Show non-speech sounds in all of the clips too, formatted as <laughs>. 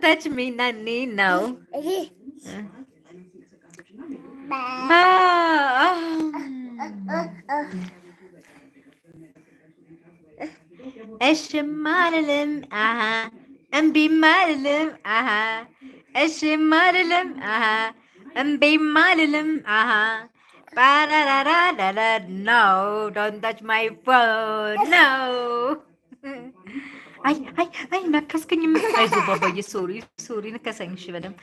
don't touch me, Nani, now. Eşim malim aha. Embi malim aha. Eşim malim aha. Embi malim aha. Ba da da da da da. No, don't touch my phone. No. <laughs> አይ አይ አይ ነከስከኝ። ምን ባባዬ፣ ሶሪ ሶሪ። ንከሰኝ እሺ፣ በደምብ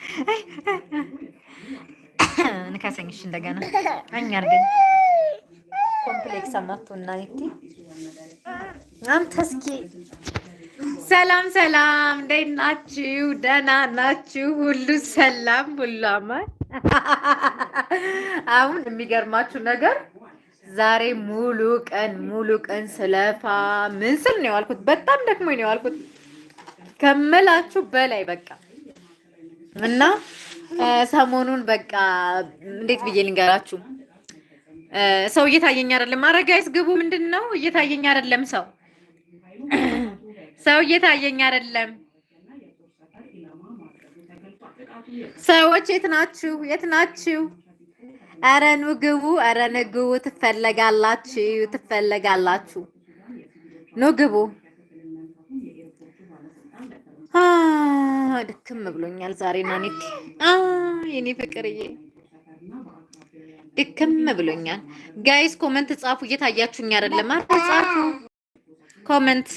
ንከሰኝ እሺ። እንደገና አኝ አድርገኝ። ኮምፕሌክስ እና ይቲ አንተ እስኪ ሰላም ሰላም፣ እንዴት ናችሁ? ደህና ናችሁ? ሁሉ ሰላም፣ ሁሉ አማን። አሁን የሚገርማችሁ ነገር ዛሬ ሙሉ ቀን ሙሉ ቀን ስለፋ ምን ስል ነው የዋልኩት በጣም ደክሞኝ ነው ያልኩት ከምላችሁ በላይ በቃ እና ሰሞኑን በቃ እንዴት ብዬ ልንገራችሁ፣ ሰው እየታየኝ አይደለም። አረጋይስ ግቡ። ምንድን ነው እየታየኝ አይደለም። ሰው ሰው እየታየኝ አይደለም። ሰዎች የት ናችሁ? የት ናችሁ? አረ ኑ ግቡ፣ ኧረ ኑ ግቡ። ትፈለጋላችሁ፣ ትፈለጋላችሁ። ኑ ግቡ። ድክም ብሎኛል ዛሬ ና የኔ ፍቅርዬ ድክም ብሎኛል። ጋይስ ኮመንት ጻፉ። እየታያችሁኝ አይደለም? አረ ጻፉ። ኮመንት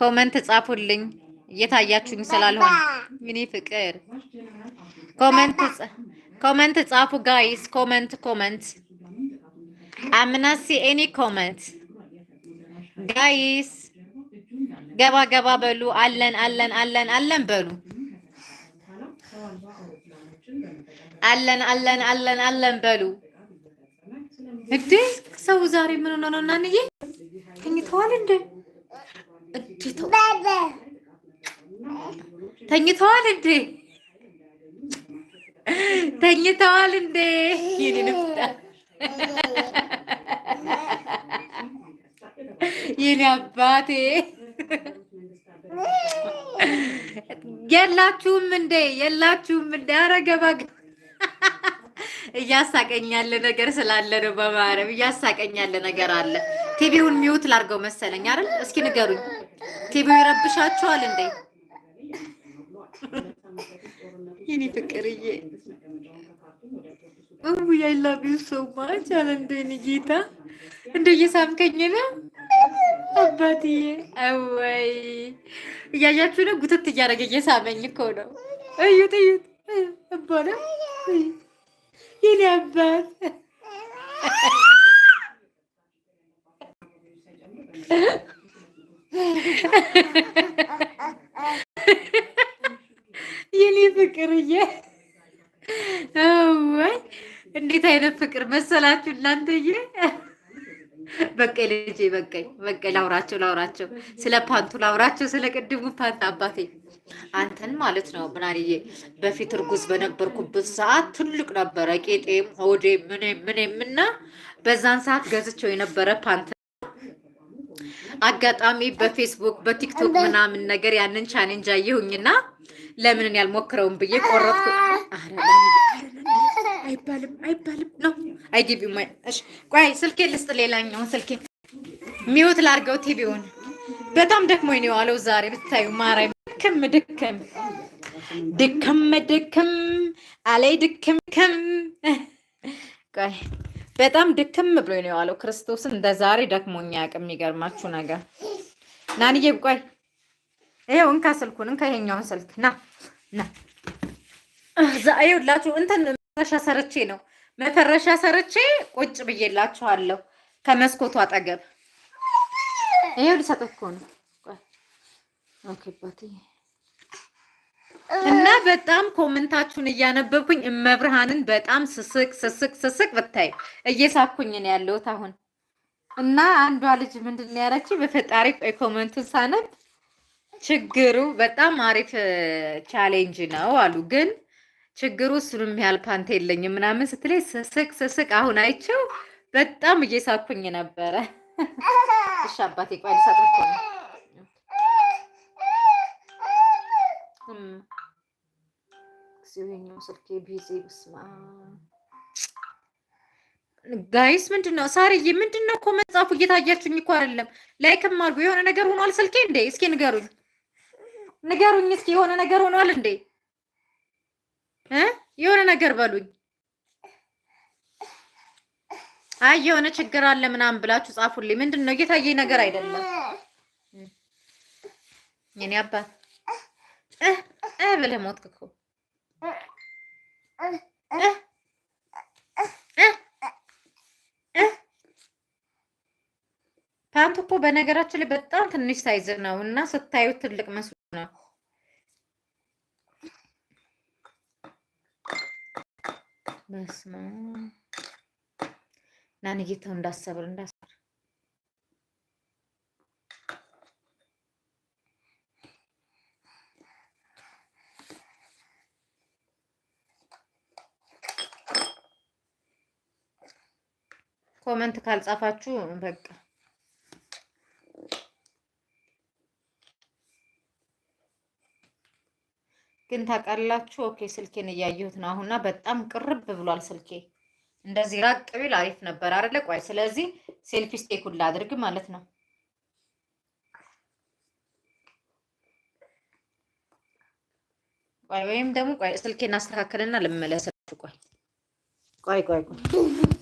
ኮመንት ጻፉልኝ። እየታያችሁኝ ስላልሆነ የኔ ፍቅር ኮመንት ኮመንት ጻፉ ጋይስ፣ ኮመንት ኮመንት አምናሲ ኤኒ ኮመንት ጋይስ፣ ገባ ገባ በሉ። አለን አለን አለን አለን በሉ። አለን አለን አለን አለን በሉ። እንዴ ሰው ዛሬ ምን ሆነ ነው? እናንዬ ተኝተዋል እንዴ? ተኝተዋል እንዴ? ተኝተዋል እንዴ? ይህን አባቴ የላችሁም እንዴ? የላችሁም እንዴ? ኧረ ገባ እያሳቀኛለ ነገር ስላለ ነው። በማርያም እያሳቀኛለ ነገር አለ። ቲቪውን ሚውት ላርገው መሰለኝ አይደል? እስኪ ንገሩኝ፣ ቲቪው ይረብሻችኋል እንዴ? የኔ ፍቅርዬ ውይ አይ ላቭ ዩ ሶ ማች አለ እንደ የኔ ጌታ እንደ እየሳምከኝ ነው አባትዬ። አወይ እያያችሁ ነው፣ ጉተት እያደረገ እየሳመኝ እኮ ነው። እዩት እዩት፣ አባ የኔ አባት እንዴት አይነት ፍቅር መሰላችሁ እናንተዬ! በቀኝ ልጄ በቀኝ በቀኝ ላውራቸው ላውራቸው ስለ ፓንቱ ላውራቸው ስለ ቅድሙ ፓንት አባቴ አንተን ማለት ነው ምናልዬ በፊት እርጉዝ በነበርኩበት ሰዓት ትልቅ ነበረ ቄጤም ሆዴ ምኔ ምን ምና በዛን ሰዓት ገዝቸው የነበረ ፓንት አጋጣሚ በፌስቡክ በቲክቶክ ምናምን ነገር ያንን ቻሌንጅ አየሁኝና ለምንን ያልሞክረውን ብዬ ቆረጥኩ። አይባልም አይባልም ነው አይዲቢ ማይ እሺ፣ ቆይ ስልኬ ልስጥ። ሌላኛውን ስልኬ ሚውት ላርገው። ቲቪውን በጣም ደክሞኝ ነው የዋለው ዛሬ ብታዩ፣ ማራይ ድክም ድክም ድክም ድክም አለይ ድክም ክም ቆይ በጣም ድክም ብሎ ነው የዋለው። ክርስቶስን እንደ ዛሬ ደክሞኝ አያውቅም። የሚገርማችሁ ነገር ናንዬ፣ ቆይ ይሄው እንካ ስልኩን እንካ፣ ይሄኛውን ስልክ ና ና ዛ ይኸውላችሁ እንትን መፈረሻ ሰርቼ ነው መፈረሻ ሰርቼ ቁጭ ብዬላችኋለሁ። ከመስኮቱ አጠገብ ይሄው ሊሰጠው እኮ ነው። ኦኬ እና በጣም ኮመንታችሁን እያነበብኩኝ እመብርሃንን በጣም ስስቅ ስስቅ ስስቅ ብታይ እየሳኩኝ ነው ያለሁት አሁን። እና አንዷ ልጅ ምንድን ነው ያለችኝ? በፈጣሪ ቆይ ኮመንቱን ሳነብ ችግሩ በጣም አሪፍ ቻሌንጅ ነው አሉ ግን ችግሩ እሱን የሚያህል ፓንት የለኝም ምናምን ስትለኝ ስስቅ ስስቅ አሁን አይቼው በጣም እየሳኩኝ ነበረ። <laughs> እሺ አባቴ ቆይ ልሰጠት ነው ስልኬ ቢዚ ብስማ ጋይስ ምንድን ነው ሳርዬ? ምንድን ነው እኮ መጽሐፉ እየታያችሁኝ እኮ አይደለም። ላይክም አድርጉ። የሆነ ነገር ሆኗል ስልኬ እንዴ? እስኪ ንገሩኝ፣ ንገሩኝ እስኪ የሆነ ነገር ሆኗል እንዴ? የሆነ ነገር በሉኝ። አይ የሆነ ችግር አለ ምናምን ብላችሁ ጻፉልኝ። ምንድን ነው እየታየኝ ነገር አይደለም። የኔ አባት እ ብለህ ሞትክ እኮ ፓንት እኮ በነገራችን ላይ በጣም ትንሽ ሳይዝ ነው እና ስታዩት ትልቅ መስሎ ነው። በስማ ናንጌታው እንዳሰብር እንዳሰብር ኮመንት ካልጻፋችሁ በቃ ግን ታውቃላችሁ፣ ኦኬ ስልኬን እያየሁት ነው አሁንና በጣም ቅርብ ብሏል ስልኬ። እንደዚህ ራቅ ቢል አሪፍ ነበር አይደለ? ቆይ ስለዚህ ሴልፊ ስቴክ ሁላ አድርግ ማለት ነው። ቆይ ወይም ደግሞ ቆይ ስልኬን አስተካክልና ልመለስላችሁ። ቆይ ቆይ ቆይ